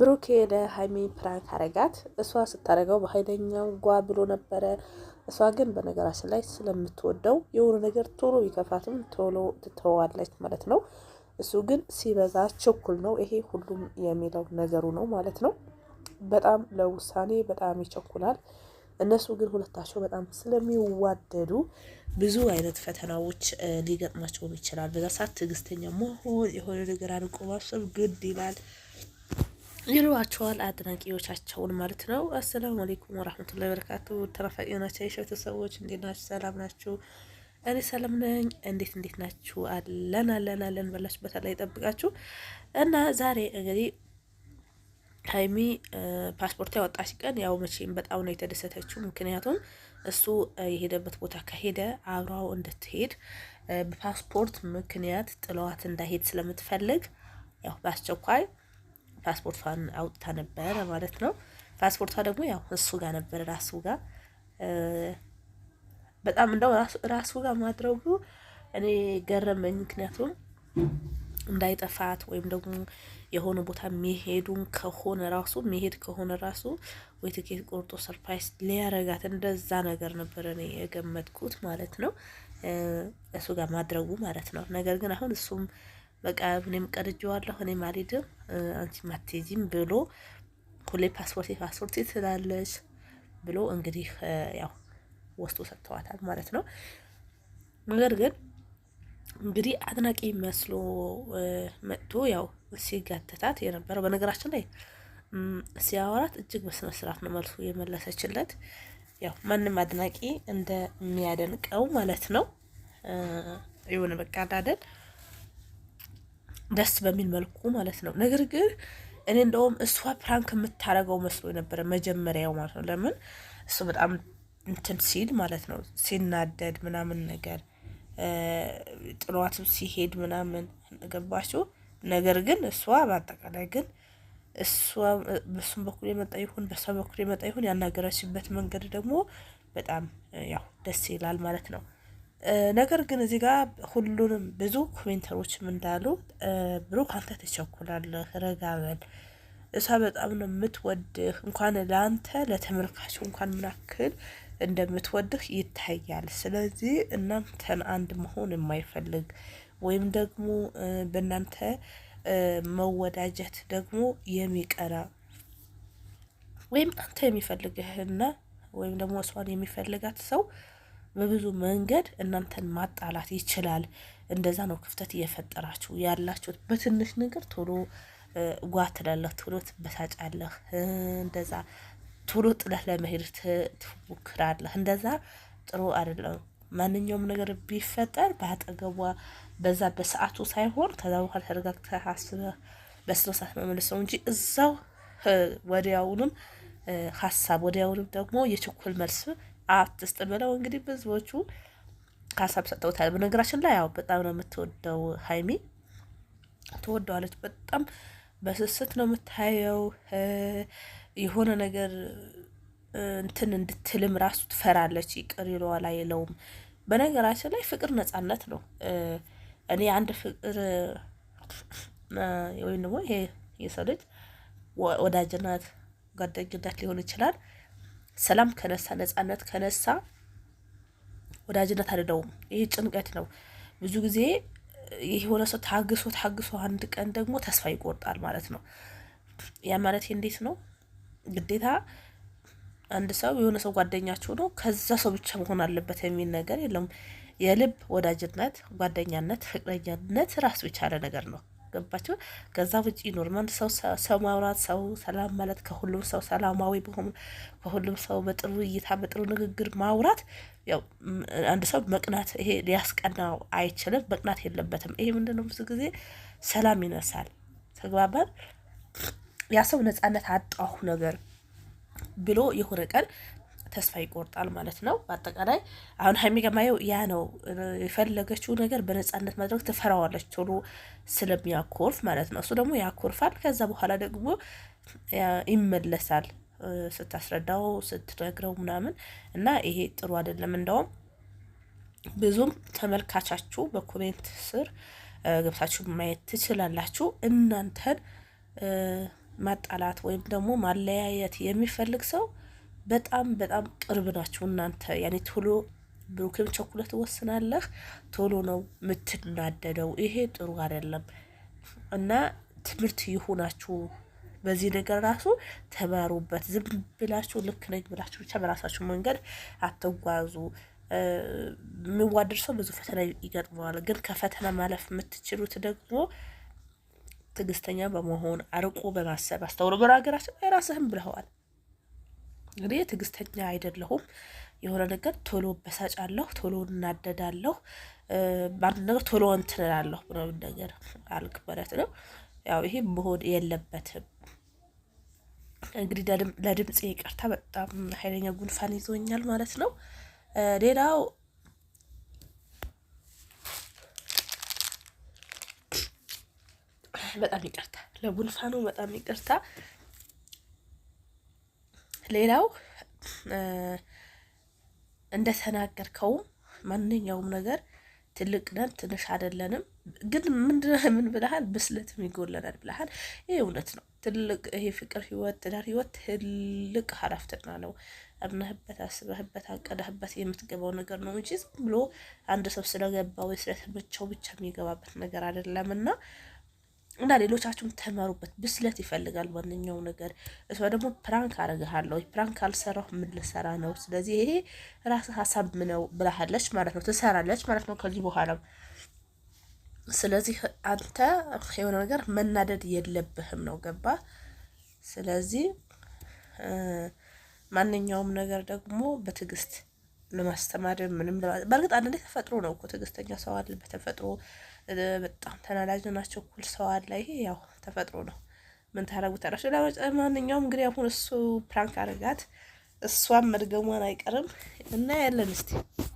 ብሩኬ ለሀይሚ ፕራንክ አረጋት። እሷ ስታረገው በኃይለኛው ጓ ብሎ ነበረ። እሷ ግን በነገራችን ላይ ስለምትወደው የሆነ ነገር ቶሎ ይከፋትም ቶሎ ትተዋለች ማለት ነው። እሱ ግን ሲበዛ ችኩል ነው። ይሄ ሁሉም የሚለው ነገሩ ነው ማለት ነው። በጣም ለውሳኔ በጣም ይቸኩላል። እነሱ ግን ሁለታቸው በጣም ስለሚዋደዱ ብዙ አይነት ፈተናዎች ሊገጥማቸውም ይችላል። በዛ ሰዓት ትዕግስተኛ መሆን የሆነ ነገር አድርጎ ማሰብ ግድ ይላል። ይሏቸዋል አድናቂዎቻቸውን ማለት ነው። አሰላሙ አሌይኩም ወራህመቱላሂ ወበረካቱ ተናፋቂ የሆናቸው የሸቱ ሰዎች እንዴት ናችሁ? ሰላም ናችሁ? እኔ ሰላም ነኝ። እንዴት እንዴት ናችሁ? አለን አለን አለን በላችሁበት ላይ ይጠብቃችሁ እና ዛሬ እንግዲህ ሀይሚ ፓስፖርት ያወጣች ቀን ያው መቼም በጣም ነው የተደሰተችው። ምክንያቱም እሱ የሄደበት ቦታ ከሄደ አብራው እንድትሄድ በፓስፖርት ምክንያት ጥለዋት እንዳሄድ ስለምትፈልግ ያው በአስቸኳይ ፓስፖርቷን አውጥታ ነበረ ማለት ነው። ፓስፖርቷ ደግሞ ያው እሱ ጋር ነበረ ራሱ ጋር በጣም እንደው ራሱ ጋር ማድረጉ እኔ ገረመኝ። ምክንያቱም እንዳይጠፋት ወይም ደግሞ የሆነ ቦታ መሄዱን ከሆነ ራሱ መሄድ ከሆነ ራሱ ወይ ትኬት ቆርጦ ሰርፕራይዝ ሊያረጋት እንደዛ ነገር ነበር እኔ የገመትኩት ማለት ነው። እሱ ጋር ማድረጉ ማለት ነው። ነገር ግን አሁን እሱም በቃ እኔም ቀርጄዋለሁ፣ እኔም አልሄድም፣ አንቺ አትሄጂም ብሎ ሁሌ ፓስፖርት ፓስፖርት ትላለች ብሎ እንግዲህ ያው ወስዶ ሰጥተዋታል ማለት ነው። ነገር ግን እንግዲህ አድናቂ መስሎ መጥቶ ያው ሲጋተታት የነበረው በነገራችን ላይ ሲያወራት እጅግ በስነ ስርዓት ነው መልሱ የመለሰችለት። ያው ማንም አድናቂ እንደሚያደንቀው ማለት ነው። ይሁን በቃ ደስ በሚል መልኩ ማለት ነው። ነገር ግን እኔ እንደውም እሷ ፕራንክ የምታደርገው መስሎ የነበረ መጀመሪያው ማለት ነው። ለምን እሱ በጣም እንትን ሲል ማለት ነው ሲናደድ ምናምን ነገር ጥሏትም ሲሄድ ምናምን ገባችሁ። ነገር ግን እሷ በአጠቃላይ ግን በሱም በኩል የመጣ ይሁን በሷ በኩል የመጣ ይሁን ያናገረችበት መንገድ ደግሞ በጣም ያው ደስ ይላል ማለት ነው። ነገር ግን እዚህ ጋር ሁሉንም ብዙ ኮሜንተሮችም እንዳሉ ብሩክ አንተ ትቸኩላለህ፣ ረጋ በል እሷ በጣም ነው የምትወድህ። እንኳን ለአንተ ለተመልካቹ እንኳን ምናክል እንደምትወድህ ይታያል። ስለዚህ እናንተን አንድ መሆን የማይፈልግ ወይም ደግሞ በእናንተ መወዳጀት ደግሞ የሚቀራ ወይም አንተ የሚፈልግህና ወይም ደግሞ እሷን የሚፈልጋት ሰው በብዙ መንገድ እናንተን ማጣላት ይችላል። እንደዛ ነው ክፍተት እየፈጠራችሁ ያላችሁት። በትንሽ ነገር ቶሎ ጓ ትላለህ፣ ቶሎ ትበሳጫለህ። እንደዛ ቶሎ ጥለህ ለመሄድ ትሞክራለህ። እንደዛ ጥሩ አይደለም። ማንኛውም ነገር ቢፈጠር በአጠገቧ በዛ በሰዓቱ ሳይሆን ከዛ በኋላ ተረጋግተህ አስበህ በስነ መመለስ ነው እንጂ እዛው ወዲያውንም ሀሳብ ወዲያውንም ደግሞ የችኩል መልስ አትስጥ ብለው እንግዲህ ብዙዎቹ ሀሳብ ሰጥተውታል። በነገራችን ላይ ያው በጣም ነው የምትወደው ሀይሚ ትወደዋለች። በጣም በስስት ነው የምታየው። የሆነ ነገር እንትን እንድትልም ራሱ ትፈራለች። ይቅር ይለዋል አይለውም። በነገራችን ላይ ፍቅር ነጻነት ነው። እኔ አንድ ፍቅር ወይም ደግሞ ይሄ የሰው ልጅ ወዳጅነት ጓደኝነት ሊሆን ይችላል ሰላም ከነሳ ነጻነት ከነሳ ወዳጅነት አይደለውም። ይሄ ጭንቀት ነው። ብዙ ጊዜ የሆነ ሰው ታግሶ ታግሶ አንድ ቀን ደግሞ ተስፋ ይቆርጣል ማለት ነው። ያ ማለት እንዴት ነው? ግዴታ አንድ ሰው የሆነ ሰው ጓደኛችሁ ነው ከዛ ሰው ብቻ መሆን አለበት የሚል ነገር የለም። የልብ ወዳጅነት፣ ጓደኛነት፣ ፍቅረኛነት ራሱ የቻለ ነገር ነው። ገባቸው። ከዛ ውጭ ኖርማል ሰው ሰው ማውራት ሰው ሰላም ማለት ከሁሉም ሰው ሰላማዊ በሆኑ ከሁሉም ሰው በጥሩ እይታ በጥሩ ንግግር ማውራት ያው አንድ ሰው መቅናት ይሄ ሊያስቀናው አይችልም። መቅናት የለበትም። ይሄ ነው? ብዙ ጊዜ ሰላም ይነሳል። ተግባባል። ያ ሰው ነጻነት አጣሁ ነገር ብሎ የሆነ ቀን ተስፋ ይቆርጣል ማለት ነው። በአጠቃላይ አሁን ሀይሚ ገማየው ያ ነው የፈለገችው ነገር በነፃነት ማድረግ ትፈራዋለች፣ ቶሎ ስለሚያኮርፍ ማለት ነው። እሱ ደግሞ ያኮርፋል። ከዛ በኋላ ደግሞ ይመለሳል ስታስረዳው ስትነግረው ምናምን እና ይሄ ጥሩ አይደለም። እንደውም ብዙም ተመልካቻችሁ በኮሜንት ስር ገብታችሁ ማየት ትችላላችሁ። እናንተን ማጣላት ወይም ደግሞ ማለያየት የሚፈልግ ሰው በጣም በጣም ቅርብ ናቸው እናንተ ያኔ ቶሎ ብሩክም ቸኩለ ትወስናለህ፣ ቶሎ ነው የምትናደደው። ይሄ ጥሩ አይደለም እና ትምህርት ይሁናችሁ። በዚህ ነገር ራሱ ተማሩበት። ዝም ብላችሁ ልክ ነኝ ብላችሁ ብቻ በራሳችሁ መንገድ አትጓዙ። የሚዋደድ ሰው ብዙ ፈተና ይገጥመዋል። ግን ከፈተና ማለፍ የምትችሉት ደግሞ ትዕግስተኛ በመሆን አርቆ በማሰብ አስተውሎ በሀገራችን የራስህም ብለዋል እኔ ትዕግስተኛ አይደለሁም። የሆነ ነገር ቶሎ በሳጫለሁ፣ ቶሎ እናደዳለሁ፣ አንድ ነገር ቶሎ እንትንላለሁ ምናምን ነገር አልክ ማለት ነው። ያው ይሄ መሆን የለበትም። እንግዲህ ለድምፅ ይቅርታ፣ በጣም ኃይለኛ ጉንፋን ይዞኛል ማለት ነው። ሌላው በጣም ይቅርታ ለጉንፋኑ፣ በጣም ይቅርታ። ሌላው እንደተናገርከውም ማንኛውም ነገር ትልቅ ነን ትንሽ አይደለንም። ግን ምን ብለሃል? ብስለትም ይጎለናል ብለሃል። ይህ እውነት ነው። ትልቅ ይሄ ፍቅር ህይወት፣ ትዳር ህይወት ትልቅ ኃላፊነትና ነው። አምነህበት፣ አስበህበት፣ አቀደህበት የምትገባው ነገር ነው እንጂ ዝም ብሎ አንድ ሰው ስለገባው ስለተመቸው ብቻ የሚገባበት ነገር አይደለም እና እና ሌሎቻችሁም ተመሩበት። ብስለት ይፈልጋል ማንኛው ነገር። እሷ ደግሞ ፕራንክ አረግሃለሁ፣ ፕራንክ አልሰራሁ ምን ልሰራ ነው? ስለዚህ ይሄ ራስ ሀሳብ ምነው ብላሃለች ማለት ነው፣ ትሰራለች ማለት ነው ከዚህ በኋላ ስለዚህ አንተ የሆነ ነገር መናደድ የለብህም ነው ገባ። ስለዚህ ማንኛውም ነገር ደግሞ በትዕግስት ለማስተማርም ምንም በእርግጥ አንዳንዴ ተፈጥሮ ነው እኮ ትዕግስተኛ ሰው አለ በተፈጥሮ በጣም ተናዳጅ ናቸው እኩል ሰው አለ ይሄ ያው ተፈጥሮ ነው ምን ታደረጉ ታረጉታላችሁ ለማንኛውም እንግዲህ አሁን እሱ ፕራንክ አድርጋት እሷም መድገሟን አይቀርም እና ያለን እስቲ